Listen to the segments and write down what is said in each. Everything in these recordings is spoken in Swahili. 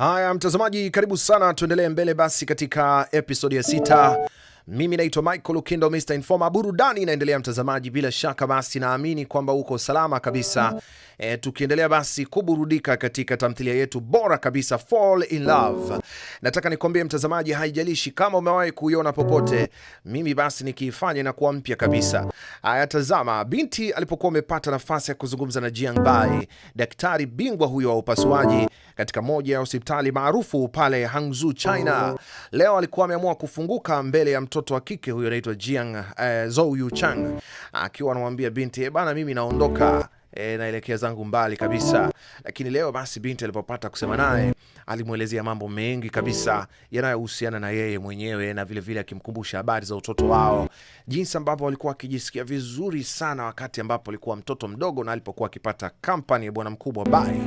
Haya mtazamaji, karibu sana, tuendelee mbele basi katika episodi ya sita. Mimi naitwa Michael Lukindo, Mr Informa. Burudani inaendelea mtazamaji, bila shaka basi naamini kwamba uko salama kabisa. E, tukiendelea basi kuburudika katika tamthilia yetu bora kabisa Fall in Love. Nataka nikwambie mtazamaji, haijalishi kama umewahi kuiona popote, mimi basi nikiifanya na kuwa mpya kabisa. Haya, tazama, binti alipokuwa amepata nafasi ya kuzungumza na Jiang Bai, daktari bingwa huyo wa upasuaji katika moja ya hospitali maarufu pale Hangzhou, China, leo alikuwa ameamua kufunguka mbele ya mtu mtoto wa kike huyo anaitwa Jiang eh, Zou Yu Chang akiwa anamwambia binti eh, bana mimi naondoka E, naelekea zangu mbali kabisa. Lakini leo basi, binti alipopata kusema naye alimwelezea mambo mengi kabisa yanayohusiana na yeye mwenyewe na vilevile akimkumbusha habari za utoto wao, jinsi ambavyo walikuwa akijisikia vizuri sana wakati ambapo alikuwa mtoto mdogo na alipokuwa akipata company ya bwana mkubwa bai.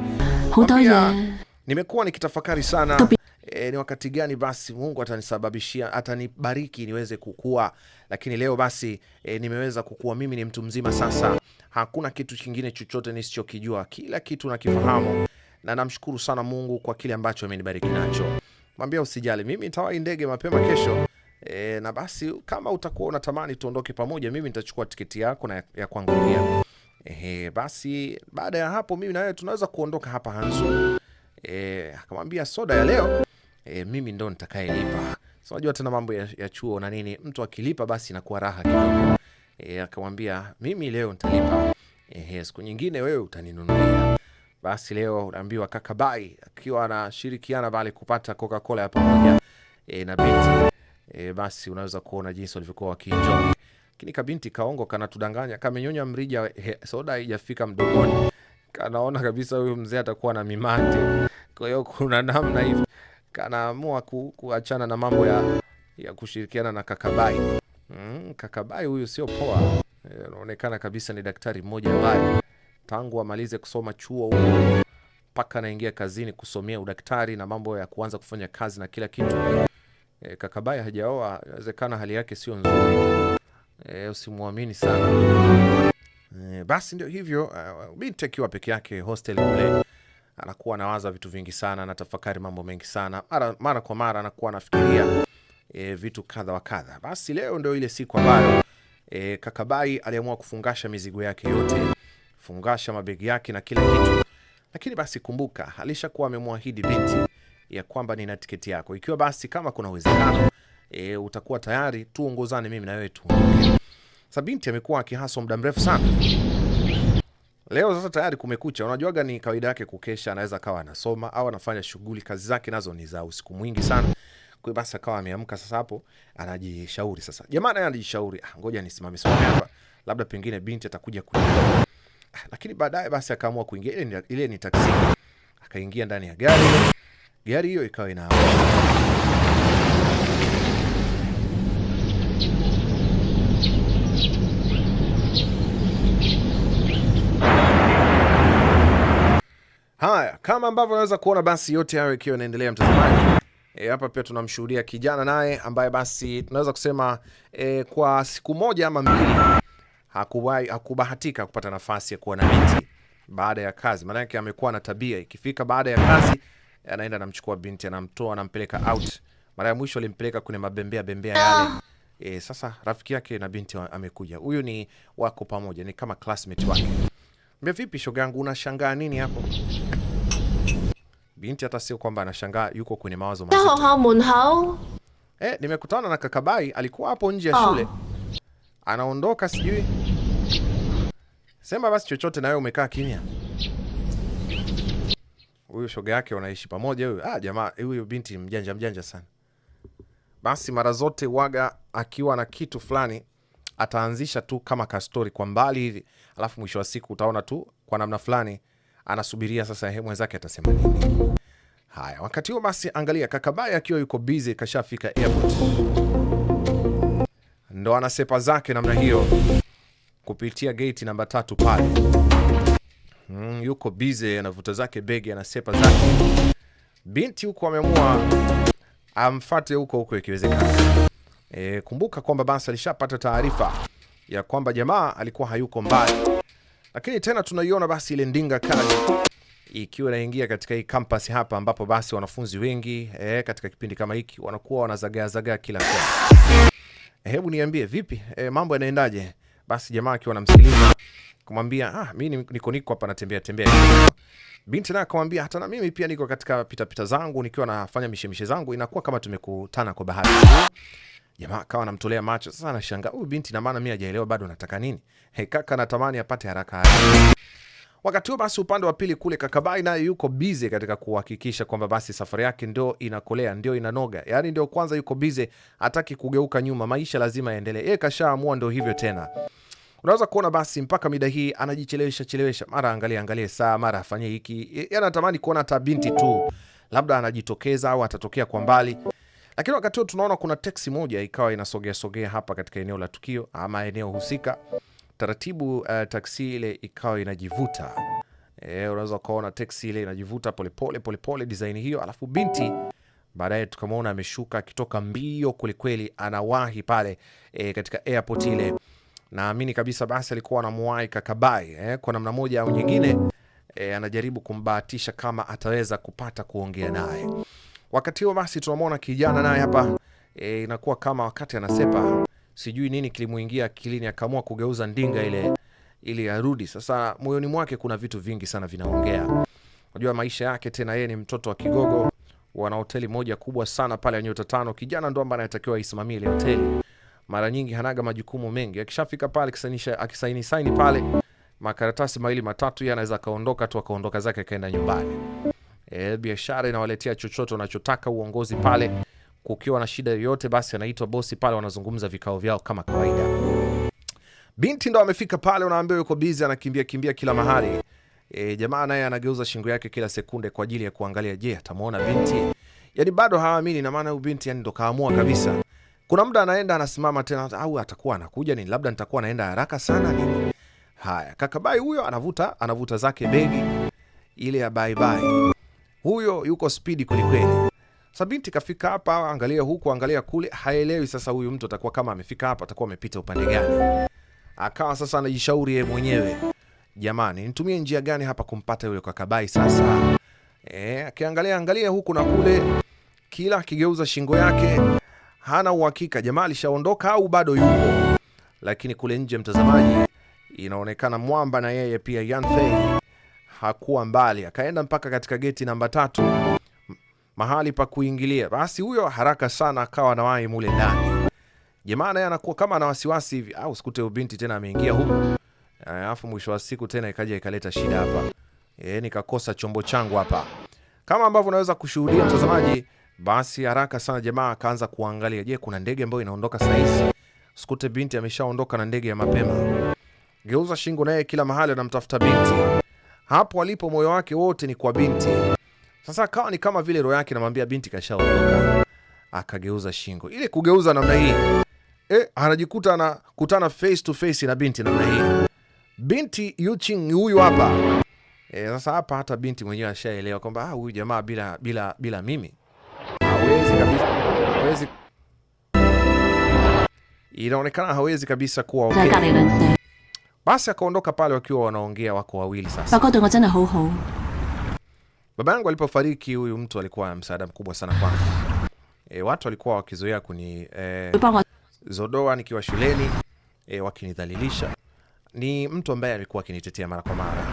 Nimekuwa nikitafakari sana e, ni wakati gani basi Mungu atanisababishia atanibariki niweze kukua. Lakini leo basi e, nimeweza kukua, mimi ni mtu mzima sasa, hakuna kitu kingine chochote nisichokijua, kila kitu nakifahamu, na namshukuru sana Mungu kwa kile ambacho amenibariki nacho. Mwambia usijali, mimi nitawahi ndege mapema kesho. E, na basi kama utakuwa unatamani tuondoke pamoja, mimi nitachukua tiketi yako na ya kwangu pia. Ehe, basi baada ya hapo mimi na wewe tunaweza kuondoka hapa Hanzu. Eh, akamwambia soda ya leo e, mimi ndo nitakayelipa. So najua tena mambo ya, ya chuo na nini, mtu akilipa basi inakuwa raha kidogo. E, akamwambia mimi leo nitalipa, e, siku nyingine wewe utaninunulia. Basi leo unaambiwa kaka Bai akiwa anashirikiana pale kupata Coca-Cola ya pamoja e, na binti e, basi unaweza kuona jinsi walivyokuwa wakienjoy. Lakini kabinti kaongo kanatudanganya, kamenyonya mrija, he, soda haijafika mdomoni, kanaona kabisa huyu mzee atakuwa na mimante. Kwa hiyo kuna namna hivyo kanaamua ku, kuachana na mambo ya, ya kushirikiana na Kakabai. Mm, Kakabai huyu sio poa, eh, anaonekana kabisa ni daktari mmoja ambaye tangu amalize kusoma chuo huko mpaka anaingia kazini kusomea udaktari na mambo ya kuanza kufanya kazi na kila kitu. E, Kakabai hajaoa, inawezekana hali yake sio nzuri. E, usimwamini sana. E, basi ndio hivyo. Uh, binti akiwa peke yake hostel kule anakuwa anawaza vitu vingi sana, anatafakari mambo mengi sana, mara, mara kwa mara anakuwa anafikiria e, vitu kadha wa kadha. Basi leo ndio ile siku ambayo e, Kakabai aliamua kufungasha mizigo yake yote, fungasha mabegi yake na kila kitu. Lakini basi kumbuka, alishakuwa amemwahidi binti ya kwamba nina tiketi yako, ikiwa basi kama kuna uwezekano e, utakuwa tayari tuongozane mimi na wewe tu. Sasa binti amekuwa akihaswa muda mrefu sana Leo sasa tayari kumekucha, unajuaga ni kawaida yake kukesha, anaweza kawa anasoma au anafanya shughuli, kazi zake nazo ni za usiku mwingi sana. Kwa basi akawa ameamka sasa, hapo anajishauri sasa. Jamaa naye anajishauri, ah, ngoja nisimame simame hapa, labda pengine binti atakuja kuja. Ah, Lakini baadaye basi akaamua kuingia, ile ni, ile ni taksi. Akaingia ndani ya gari, gari hiyo ikawa inaamsha Kama ambavyo unaweza kuona basi yote hayo ikiwa inaendelea mtazamaji. E, hapa pia tunamshuhudia kijana naye ambaye basi tunaweza kusema e, kwa siku moja ama mbili hakuwahi hakubahatika kupata nafasi ya kuwa na binti baada ya kazi. Maana yake amekuwa na tabia ikifika baada ya kazi anaenda anamchukua binti anamtoa anampeleka out. Mara ya mwisho alimpeleka kwenye mabembea bembea yale. Ah. E, sasa rafiki yake na binti amekuja. Huyu ni wako pamoja, ni kama classmate wake. Mbe, vipi shoga yangu unashangaa nini hapo? Binti hata sio kwamba anashangaa, yuko kwenye mawazo mazito. Eh, nimekutana na Kakabai, alikuwa hapo nje ya ah. shule oh. anaondoka, sijui sema basi chochote, nawe umekaa kimya. Huyu shoga yake wanaishi pamoja huyu. Ah, jamaa huyu binti mjanja mjanja sana. Basi mara zote waga akiwa na kitu fulani ataanzisha tu kama kastori kwa mbali hivi, alafu mwisho wa siku utaona tu kwa namna fulani anasubiria sasa, he eh, mwenzake atasema nini. Haya, wakati huo basi, angalia Kakabaya akiwa yuko busy, kashafika airport, ndo anasepa zake namna hiyo kupitia gate namba tatu pale. Mm, yuko busy anavuta zake begi, anasepa zake. Binti huko ameamua amfate huko huko ikiwezekana. E, kumbuka kwamba basi alishapata taarifa ya kwamba jamaa alikuwa hayuko mbali, lakini tena tunaiona basi ile ndinga kali ikiwa inaingia katika hii campus hapa ambapo basi wanafunzi wengi eh, katika kipindi kama hiki wanakuwa wanazagaa zagaa kila kona. Hebu niambie vipi, eh, mambo yanaendaje? Basi jamaa akiwa anamsikiliza kumwambia, ah, mimi niko niko hapa natembea tembea. Binti naye akamwambia, hata na mimi pia niko katika pita pita zangu nikiwa nafanya mishemishe zangu, inakuwa kama tumekutana kwa bahati. Jamaa akawa anamtolea macho. Sasa anashangaa huyu binti, na maana mimi hajaelewa bado nataka nini. Hey, kaka anatamani apate haraka haraka Wakati huo basi, upande wa pili kule Kakabai naye yuko bize katika kuhakikisha kwamba basi safari yake ndio inakolea, ndio inanoga, yaani ndio kwanza yuko bize, hataki kugeuka nyuma, maisha lazima yaendelee. Yeye kashaamua ndio hivyo tena. Unaweza kuona basi mpaka mida hii anajichelewesha chelewesha, mara angalie angalie saa, mara afanye hiki, yaani anatamani kuona hata binti tu labda anajitokeza au atatokea kwa mbali lakini wakati huo tunaona kuna teksi moja ikawa inasogea sogea hapa katika eneo la tukio ama eneo husika taratibu uh, taksi ile ikawa inajivuta e, unaweza ukaona teksi ile inajivuta polepole polepole design hiyo, alafu binti baadaye tukamwona ameshuka akitoka mbio kwelikweli, anawahi pale e, katika airport ile. Naamini kabisa basi alikuwa anamwahi Kakabai e, kwa namna moja au nyingine e, anajaribu kumbahatisha kama ataweza kupata kuongea naye. Wakati huo basi tunamwona kijana naye hapa e, inakuwa kama wakati anasepa sijui nini kilimuingia akilini, akaamua kugeuza ndinga ile ili arudi. Sasa moyoni mwake kuna vitu vingi sana vinaongea. Unajua maisha yake tena, yeye ni mtoto wa kigogo, wana hoteli moja kubwa sana pale ya nyota tano. Kijana ndo ambaye anatakiwa aisimamie ile hoteli. Mara nyingi hanaga majukumu mengi, akishafika pale akisaini saini pale makaratasi mawili matatu, yeye anaweza akaondoka tu akaondoka zake akaenda nyumbani. E, biashara inawaletea chochote unachotaka, uongozi pale kukiwa na shida yoyote, basi anaitwa bosi pale, wanazungumza vikao vyao kama kawaida. Binti ndo amefika pale, unaambiwa yuko bizi, anakimbia kimbia kila mahali. E, jamaa naye anageuza shingo yake kila sekunde kwa ajili ya kuangalia, je, atamwona binti? Yani bado hawaamini, na maana huyu binti yani ndo kaamua kabisa. Kuna muda anaenda anasimama tena, au atakuwa anakuja ni Labda nitakuwa naenda haraka sana nini? Haya, kakabai huyo anavuta anavuta zake begi ile ya bye bye. Huyo yuko spidi kwelikweli. Sa kafika hapa, angalia huku, angalia kule, haelewi sasa. Huyu mtu atakuwa kama amefika hapa, atakuwa amepita upande gani? Akawa sasa anajishauri yeye mwenyewe, jamani, nitumie njia gani hapa kumpata yule kwa Kabai sasa? E, akiangalia angalia huku na kule, kila akigeuza shingo yake, hana uhakika jamaa alishaondoka au bado yupo. Lakini kule nje, mtazamaji, inaonekana mwamba na yeye pia Yanfei hakuwa mbali, akaenda mpaka katika geti namba tatu mahali pa kuingilia, basi huyo haraka sana akawa anawahi mule ndani. Jamaa naye anakuwa kama ana wasiwasi hivi, au sikute binti tena ameingia huko, eh, alafu mwisho wa siku tena ikaja ikaleta shida hapa, eh, nikakosa chombo changu hapa. Kama ambavyo unaweza kushuhudia mtazamaji, basi haraka sana jamaa akaanza kuangalia, je, kuna ndege ambayo inaondoka saa hizi? Sikute binti ameshaondoka na ndege ya mapema. Geuza shingo, naye kila mahali anamtafuta binti. Hapo alipo moyo wake wote ni kwa binti. Sasa akawa ni kama vile roho yake namwambia binti kashaondoka, akageuza shingo. Ile kugeuza namna hii e, anajikuta anakutana face to face na binti namna hii. Binti Yuching huyu hapa e, Sasa hapa hata binti mwenyewe ashaelewa kwamba ah, huyu jamaa bila bila bila mimi hawezi kabisa, hawezi inaonekana hawezi kabisa kuwa okay. Basi akaondoka pale wakiwa wanaongea wako wawili sasa. Baba yangu alipofariki, huyu mtu alikuwa msaada mkubwa sana kwangu. E, watu walikuwa wakizoea kuni e, zodoa nikiwa shuleni e, wakinidhalilisha. Ni mtu ambaye alikuwa akinitetea mara kwa mara,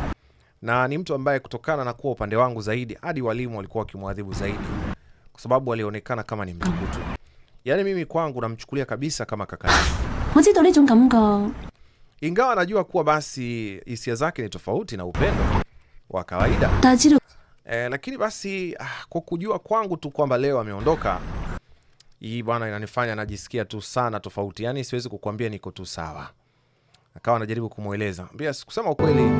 na ni mtu ambaye kutokana na kuwa upande wangu zaidi, hadi walimu walikuwa wakimwadhibu zaidi, kwa sababu alionekana kama ni mtukutu. Yani mimi kwangu namchukulia kabisa kama kaka ingawa najua kuwa basi hisia zake ni tofauti na upendo wa kawaida e, lakini basi ah, kwa kujua kwangu tu kwamba leo ameondoka hii bwana, inanifanya najisikia tu sana tofauti, yani siwezi kukuambia niko tu sawa. Akawa anajaribu kumweleza mbia, kusema ukweli,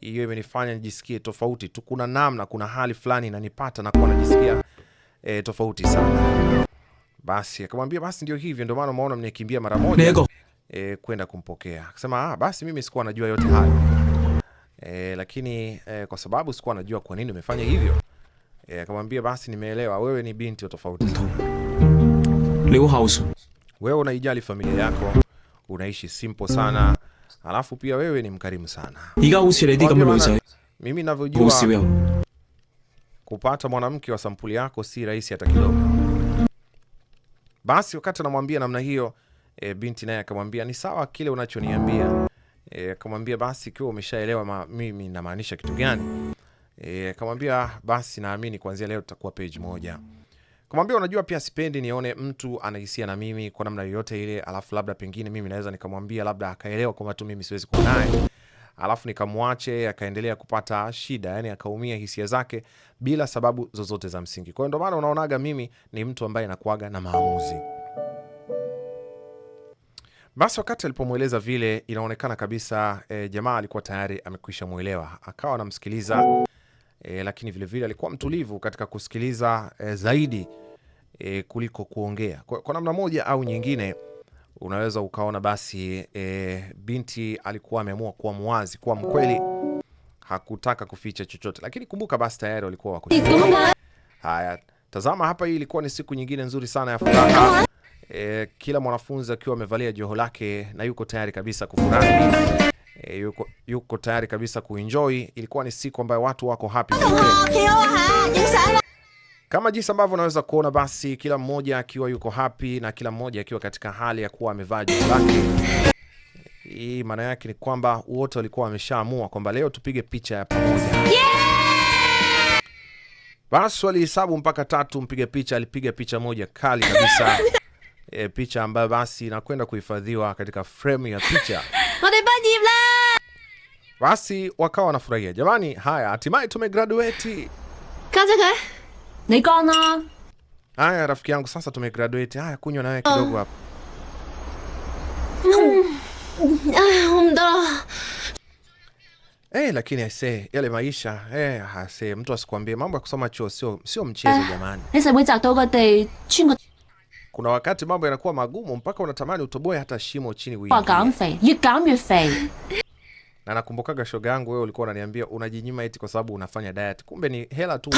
hiyo imenifanya nijisikie tofauti tu, kuna namna, kuna hali fulani inanipata na kuwa najisikia e, tofauti sana. Basi akamwambia basi ndio hivyo, ndio maana umeona mnikimbia mara moja e, kwenda kumpokea. Akasema ah, basi mimi sikuwa najua yote hayo e, lakini e, kwa sababu sikuwa najua kwa nini umefanya hivyo e, akamwambia basi, nimeelewa wewe ni binti wa tofauti sana. Wewe unaijali familia yako, unaishi simple sana, alafu pia wewe ni mkarimu sana. Mimi ninavyojua kupata mwanamke wa sampuli yako si rahisi hata kidogo. Basi wakati anamwambia namna hiyo e, binti naye akamwambia ni sawa kile unachoniambia E, akamwambia basi ikiwa umeshaelewa mimi namaanisha kitu gani. E, akamwambia basi naamini kuanzia leo tutakuwa page moja. Kamwambia unajua, pia sipendi nione mtu anahisia na mimi kwa namna yoyote ile, alafu labda pengine mimi naweza nikamwambia labda akaelewa kwamba tu mimi siwezi kuwa naye alafu nikamwache akaendelea kupata shida, yani akaumia hisia zake bila sababu zozote za msingi. Kwa hiyo ndo maana unaonaga mimi ni mtu ambaye nakuaga na maamuzi. Basi wakati alipomweleza vile, inaonekana kabisa e, jamaa alikuwa tayari amekwisha mwelewa, akawa anamsikiliza e, lakini vilevile vile, alikuwa mtulivu katika kusikiliza e, zaidi e, kuliko kuongea. Kwa, kwa namna moja au nyingine unaweza ukaona basi e, binti alikuwa ameamua kuwa mwazi kuwa mkweli, hakutaka kuficha chochote, lakini kumbuka basi tayari walikuwa wako. Haya, tazama hapa, hii ilikuwa ni siku nyingine nzuri sana ya furaha e, kila mwanafunzi akiwa amevalia joho lake na yuko tayari kabisa kufurahi e, yuko, yuko tayari kabisa kuenjoy. Ilikuwa ni siku ambayo watu wako happy kama jinsi ambavyo unaweza kuona, basi kila mmoja akiwa yuko happy na kila mmoja akiwa katika hali ya kuwa amevaa joho lake. Hii maana yake ni kwamba wote walikuwa wameshaamua kwamba leo tupige picha ya pamoja yeah! Basi walihesabu mpaka tatu, mpiga picha alipiga picha moja kali kabisa e, picha ambayo basi inakwenda kuhifadhiwa katika fremu ya picha basi wakawa wanafurahia. Jamani, haya hatimaye tumegraduate. Haya rafiki yangu, sasa tumegraduate. Haya, kunywa nawe oh. kidogo hapa. Mm. Ah, hey, eh, lakini ase yale maisha hey, eh, ase mtu asikuambie mambo ya kusoma chuo sio sio mchezo ah. jamani. Kuna wakati mambo yanakuwa magumu mpaka unatamani utoboe hata shimo chini Na nakumbukaga shoga yangu, wewe ulikuwa unaniambia unajinyima eti kwa sababu unafanya diet, kumbe ni hela tu.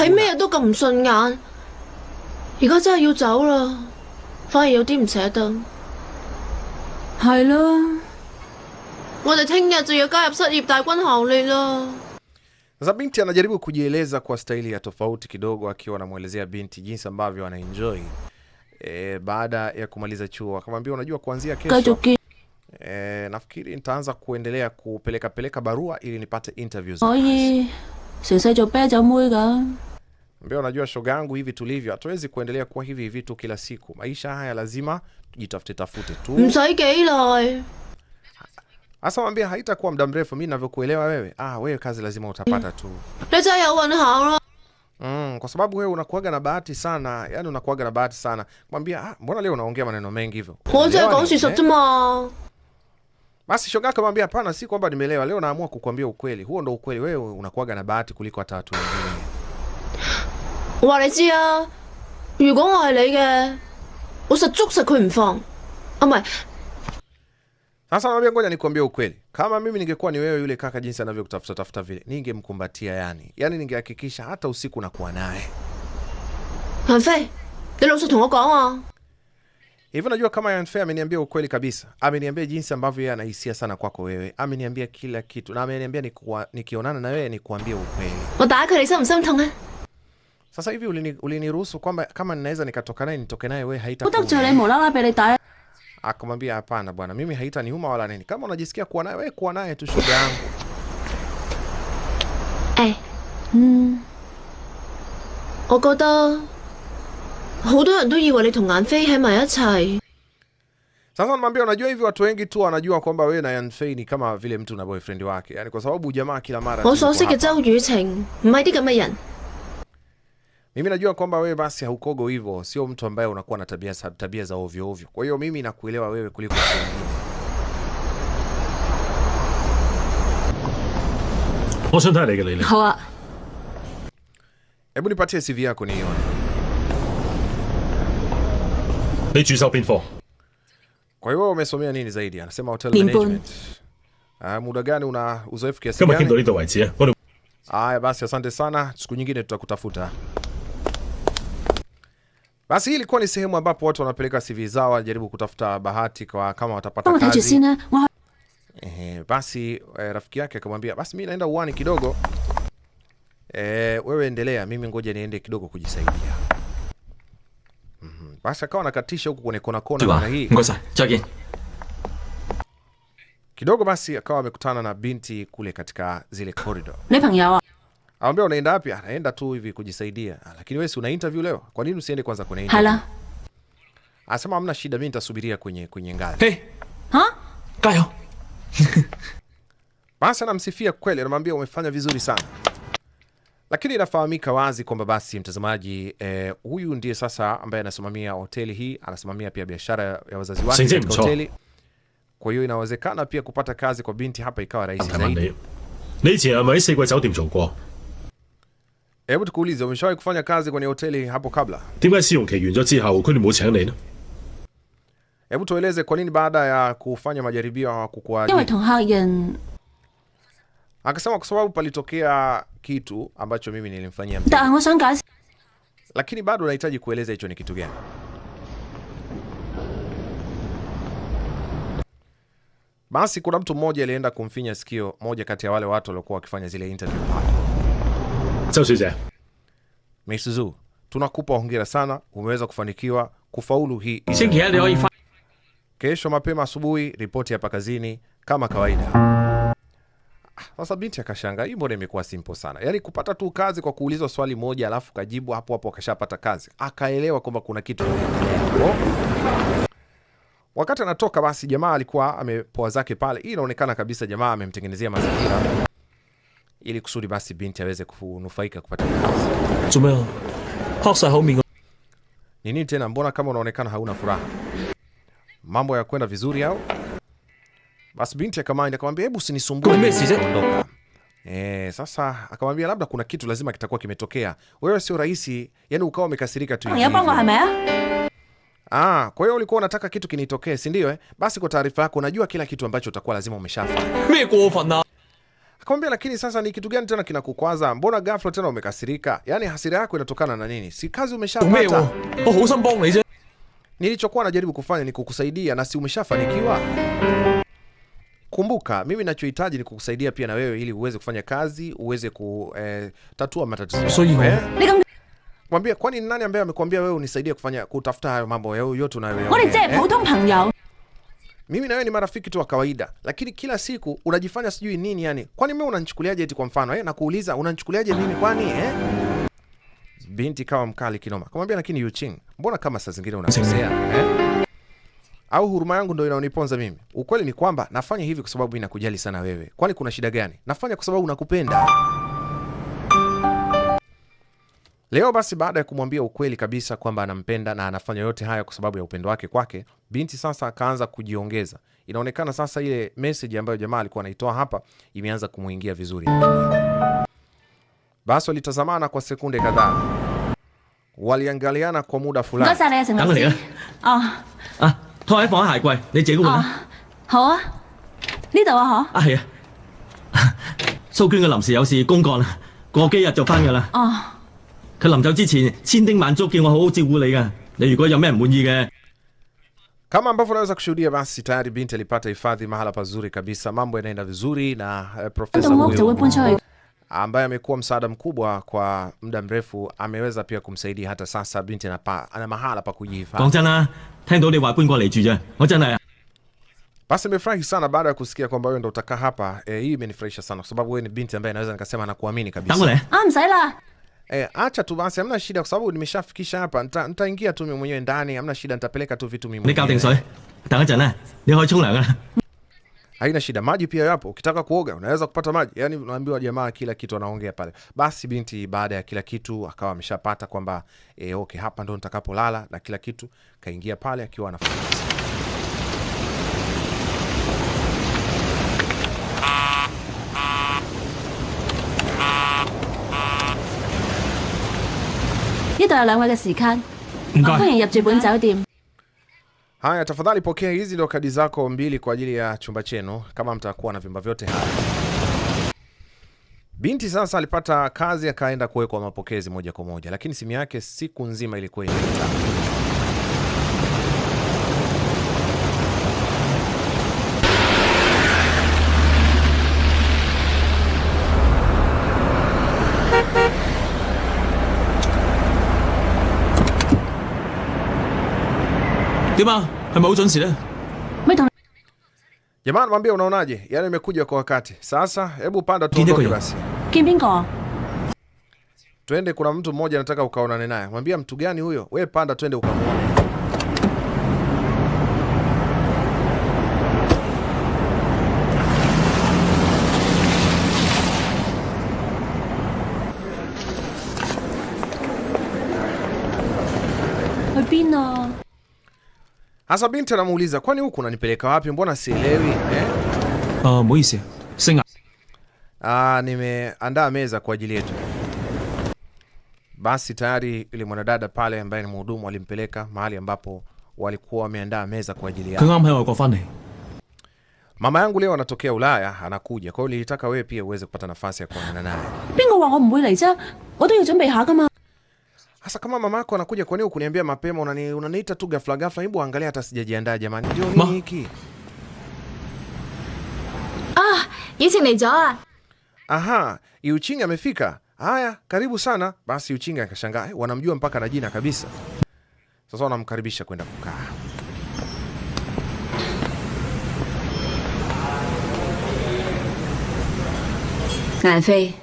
Sasa binti anajaribu kujieleza kwa staili ya tofauti kidogo, akiwa anamwelezea binti jinsi ambavyo anaenjoy e, baada ya kumaliza chuo akamwambia, unajua kuanzia kesho e, nafikiri nitaanza kuendelea kupeleka peleka barua ili nipate interviews. Mbio, unajua shoga yangu, hivi tulivyo, hatuwezi kuendelea kuwa hivi hivi tu kila siku. Maisha haya lazima tujitafute tafute tu. Hasa mwambia haitakuwa muda mrefu, mimi ninavyokuelewa wewe. Ah, wewe kazi lazima utapata tu. Mm, kwa sababu wewe unakuaga na bahati sana, yani unakuaga na bahati sana. Kwambia ah, mbona leo unaongea maneno mengi hivyo? Eh? Basi shoga akamwambia hapana, si kwamba nimelewa. Leo naamua kukuambia ukweli. Huo ndo ukweli, wewe unakuaga na bahati kuliko hata watu wengine. 話你知啊，如果我係你嘅，我實捉實佢唔放，啊唔係。sasa naambia ngoja nikwambie ukweli. Kama mimi ningekuwa ni wewe, yule kaka jinsi anavyokutafuta tafuta vile, ningemkumbatia yani. Yani ningehakikisha hata usiku nakuwa naye. Hivi unajua kama Yanfei ameniambia ukweli kabisa. Ameniambia jinsi ambavyo yeye anahisia sana kwako wewe. Ameniambia kila kitu na ameniambia nikionana na wewe nikuambie ukweli. Sasa hivi uliniruhusu kwamba kama ninaweza nikatoka naye nitoke naye wewe haitakuwa akamwambia hapana bwana, mimi haitaniuma wala nini. Kama unajisikia kuwa naye wewe, kuwa naye tu shoga yangu. Eh, mm, hodo ogeda sasa namwambia, unajua hivi watu wengi tu wanajua kwamba wewe na Yanfei ni kama vile mtu na boyfriend wake, yani kwa sababu jamaa kila mara Wao sio kama mimi najua kwamba wewe basi haukogo hivyo, sio mtu ambaye unakuwa na tabia tabia za ovyo ovyo. Kwa hiyo mimi nakuelewa wewe kuliko Hebu nipatie CV yako nione. Kwa hiyo umesomea nini zaidi? Anasema hotel management. Ah, muda gani una uzoefu kiasi gani? Haya basi asante sana. Siku nyingine tutakutafuta. Basi hii ilikuwa ni sehemu ambapo watu wanapeleka CV zao, wanajaribu kutafuta bahati kwa kama watapata kazi. Eh, basi eh, rafiki yake akamwambia basi mimi naenda uwani kidogo. Eh, wewe endelea, mimi ngoja niende kidogo kujisaidia. Mhm. Basi akawa nakatisha huku kwenye kona kona na hii. Ngoja, Kidogo basi akawa amekutana na binti kule katika zile corridor. Anambia unaenda wapi? Anaenda ah, tu hivi kujisaidia. Ah, lakini wewe si una interview leo? Kwa nini usiende kwanza kwenye interview? Hala. Anasema hamna shida, mimi nitasubiria kwenye kwenye ngazi. Hey. Ha? Kayo. Basi anamsifia kweli, anamwambia umefanya vizuri sana. Lakini inafahamika wazi kwamba basi mtazamaji eh, huyu ndiye sasa ambaye anasimamia hoteli hii, anasimamia pia biashara ya wazazi wake katika hoteli. Kwa hiyo inawezekana pia kupata kazi kwa binti hapa ikawa rahisi zaidi. Hebu tukuulize, umeshawahi kufanya kazi kwenye hoteli hapo kabla? Hebu tueleze kwa nini baada ya kufanya majaribio hawakukuaje? Akasema kwa sababu palitokea kitu ambacho mimi nilimfanyia mtu. Lakini bado nahitaji kueleza hicho ni kitu gani. Basi kuna mtu mmoja alienda kumfinya sikio moja kati ya wale watu waliokuwa wakifanya zile interview pale. Asante tunakupa hongera sana, umeweza kufanikiwa kufaulu hii. Kesho mapema asubuhi, ripoti hapa kazini kama kawaida. Ah, sasa binti akashanga, hii mbona imekuwa simple sana? Yaani kupata tu kazi kwa kuulizwa swali moja alafu kajibu hapo hapo, akashapata kazi, akaelewa kwamba kuna kitu. Oh. Wakati anatoka basi, jamaa alikuwa amepoa zake pale. Hii inaonekana kabisa, jamaa amemtengenezea mazingira ili kusudi basi binti aweze kunufaika kupata kazi. Ni nini tena? Mbona kama unaonekana hauna furaha? Mambo ya kwenda vizuri au? Basi binti akamwambia, akamwambia hebu usinisumbue, Eh, sasa akamwambia labda kuna kitu lazima kitakuwa kimetokea. Wewe sio rahisi, yani ukawa umekasirika tu. Ah, kwa hiyo ulikuwa unataka kitu kinitokee, si ndio eh? Basi kwa taarifa yako, unajua kila kitu ambacho utakuwa lazima umeshafanya. Akamwambia, lakini sasa ni kitu gani tena kinakukwaza? Mbona ghafla tena umekasirika? Yaani hasira yako inatokana na nini? Si kazi umeshapata? Oh, Nilichokuwa najaribu kufanya ni kukusaidia na si umeshafanikiwa? Kumbuka mimi nachohitaji ni kukusaidia pia na wewe ili uweze kufanya kazi, uweze kutatua eh, matatizo. So, eh? Mwambie, kwani nani ambaye amekwambia wewe unisaidie kufanya kutafuta hayo mambo yote unayoyaona? mimi nawe ni marafiki tu wa kawaida, lakini kila siku unajifanya sijui nini yani. Kwani mi unanchukuliaje eti kwa mfano eh? Nakuuliza unanchukuliaje mimi kwani eh? Binti kawa mkali kinoma. Kamwambia lakini Yuching, mbona kama saa zingine unakosea eh? Au huruma yangu ndo inaoniponza mimi? Ukweli ni kwamba nafanya hivi kwa sababu inakujali sana wewe. Kwani kuna shida gani? Nafanya kwa sababu nakupenda. Leo basi, baada ya kumwambia ukweli kabisa kwamba anampenda na anafanya yote haya kwa sababu ya upendo wake kwake, binti sasa akaanza kujiongeza. Inaonekana sasa ile meseji ambayo jamaa alikuwa anaitoa hapa imeanza kumuingia vizuri. Basi walitazamana kwa sekunde kadhaa, waliangaliana kwa muda fulani. 佢臨走之前千叮萬囑叫我好好照顧你噶。你如果有咩唔滿意嘅，kama ambavyo unaweza kushuhudia, basi tayari binti alipata hifadhi mahala pazuri kabisa. Mambo yanaenda vizuri na uh, profesa ambaye amekuwa msaada mkubwa kwa muda mrefu ameweza pia kumsaidia hata sasa. Binti anapa, ana mahala pa kujihifadhi. Basi nimefurahi sana baada ya kusikia kwamba wewe ndo utakaa hapa. Eh, hii imenifurahisha sana kwa sababu wewe ni binti ambaye naweza nikasema nakuamini kabisa. E, acha tu basi, hamna shida, kwa sababu nimeshafikisha hapa. Nitaingia tu mimi mwenyewe ndani, hamna shida, nitapeleka tu vitu mimi Haina shida, maji pia yapo, ukitaka kuoga unaweza kupata maji. Yani naambiwa jamaa kila kitu anaongea pale. Basi binti baada ya kila kitu akawa ameshapata kwamba e, okay, hapa ndo nitakapolala na kila kitu, kaingia pale akiwa anafanya 呢度有兩位嘅時間，歡迎入住本酒店。Haya, tafadhali pokea hizi ndo kadi zako mbili kwa ajili ya chumba chenu, kama mtakuwa na vyumba vyote haya Binti sasa alipata kazi akaenda kuwekwa mapokezi moja kwa moja, lakini simu yake siku nzima ilikuwa inaita 點啊？係咪好準時咧？Jamani, mwambie unaonaje? Yaani imekuja kwa wakati. Sasa hebu panda tuondoke basi. Kimbingo. Twende, kuna mtu mmoja anataka ukaonane naye. mwambia mtu gani huyo? we panda twende ukamuone. Bino. Hasa binti anamuuliza kwani huku unanipeleka wapi? Mbona sielewi eh? Uh, Moise, singa. Ah, nimeandaa meza kwa ajili yetu. Basi tayari ile mwanadada pale ambaye ni mhudumu alimpeleka mahali ambapo walikuwa wameandaa meza kwa ajili yao. Mama yangu leo anatokea Ulaya anakuja, kwa hiyo nilitaka wewe pia uweze kupata nafasi ya kuonana naye. Hasa kama mama yako anakuja, kwa nini mapema? Unani, unaniita tu ghafla ghafla. Hebu angalia hata sijajiandaa jamani. Ndio nini hiki? Ah, aha, Yuching amefika. Haya, karibu sana. Basi Yuching akashangaa, eh, wanamjua mpaka na jina kabisa. Sasa wanamkaribisha kwenda kukaa. Anfei,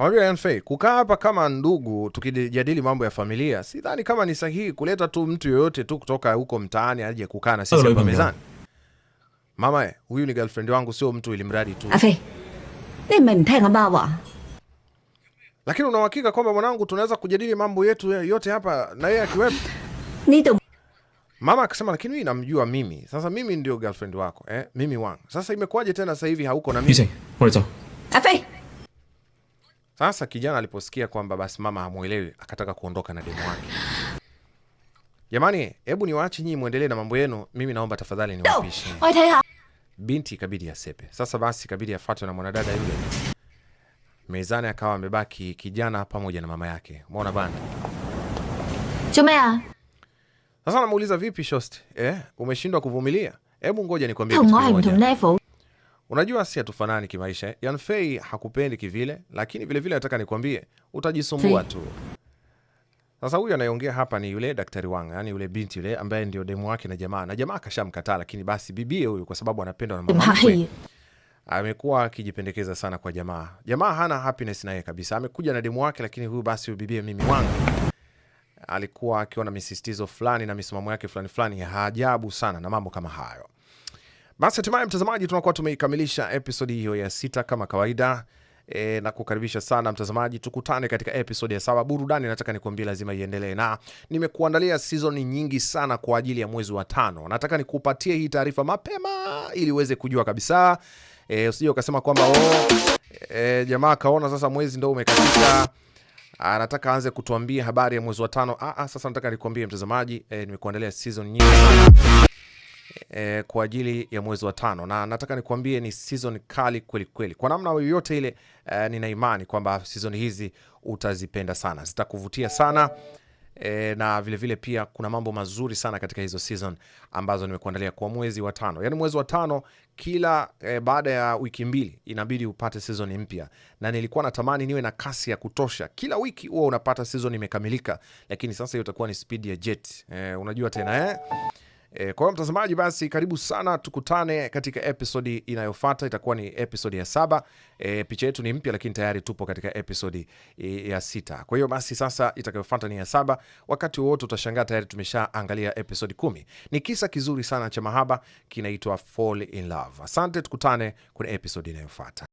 Unajua Yan kukaa hapa kama ndugu tukijadili mambo ya familia, sidhani kama ni sahihi kuleta tu mtu yoyote tu kutoka huko mtaani aje kukaa na sisi hapa mezani. Mama, eh, huyu ni girlfriend wangu, sio mtu ili mradi tu. Lakini una uhakika kwamba mwanangu, tunaweza kujadili mambo yetu yote hapa na yeye akiwepo? Mama akasema lakini mimi namjua mimi. Sasa mimi ndio girlfriend wako, eh? Mimi wangu. Sasa imekuwaje tena sasa hivi hauko na mimi? Sasa kijana aliposikia kwamba basi mama hamwelewi, akataka kuondoka na demu wake. Jamani, hebu niwaache nyinyi mwendelee na mambo yenu, mimi naomba tafadhali niwapishe. Oh, Binti ikabidi asepe. Sasa basi ikabidi afuatwe na mwanadada yule. Mezani akawa amebaki kijana pamoja na mama yake. Umeona bana? Chomea. Sasa namuuliza vipi Shosti? Eh, umeshindwa kuvumilia? Hebu ngoja nikwambie kitu kimoja. Unajua si hatufanani kimaisha. Yanfei hakupendi kivile, lakini vile vile nataka nikwambie utajisumbua tu. Sasa huyu anayeongea hapa ni yule daktari Wang, yani yule binti yule ambaye ndio demu wake na jamaa, na jamaa kashamkataa lakini basi bibie huyu, kwa sababu anapendwa na mama amekuwa akijipendekeza sana kwa jamaa. Jamaa hana happiness naye kabisa, amekuja na demu wake, lakini huyu basi, huyu bibie mimi Wang alikuwa akiwa na misisitizo fulani na misimamo yake fulani fulani ya ajabu sana na mambo kama hayo. Basi hatimaye, mtazamaji, tunakuwa tumeikamilisha episodi hiyo ya sita kama kawaida. E, na kukaribisha sana mtazamaji, tukutane katika episode ya saba. Burudani nataka nikuambie lazima iendelee, na nimekuandalia sizoni nyingi sana kwa ajili ya mwezi wa tano. Nataka nikupatie hii taarifa mapema ili uweze kujua kabisa. E, usije ukasema kwamba oh, e, jamaa kaona sasa mwezi ndo umekatika anataka aanze kutuambia habari ya mwezi wa tano. Ah, ah, sasa nataka nikuambie mtazamaji, e, nimekuandalia season nyingi sana e, kwa ajili ya mwezi wa tano, na nataka nikuambie ni season kali kweli kweli. Kwa namna yoyote ile e, nina imani kwamba season hizi utazipenda sana, zitakuvutia sana e, na vilevile vile pia kuna mambo mazuri sana katika hizo season ambazo nimekuandalia kwa mwezi wa tano. Yani mwezi wa tano kila e, baada ya wiki mbili inabidi upate season mpya, na nilikuwa natamani niwe na kasi ya kutosha. Kila wiki huwa unapata season imekamilika, lakini sasa hiyo itakuwa ni speed ya jet. e, unajua tena eh? E, kwa hiyo mtazamaji, basi karibu sana, tukutane katika episodi inayofuata. Itakuwa ni episodi ya saba. E, picha yetu ni mpya, lakini tayari tupo katika episodi eh, ya sita. Kwa hiyo basi sasa itakayofuata ni ya saba. Wakati wote utashangaa tayari tumeshaangalia episodi kumi. Ni kisa kizuri sana cha mahaba kinaitwa Fall in Love. Asante, tukutane kwenye episodi inayofuata.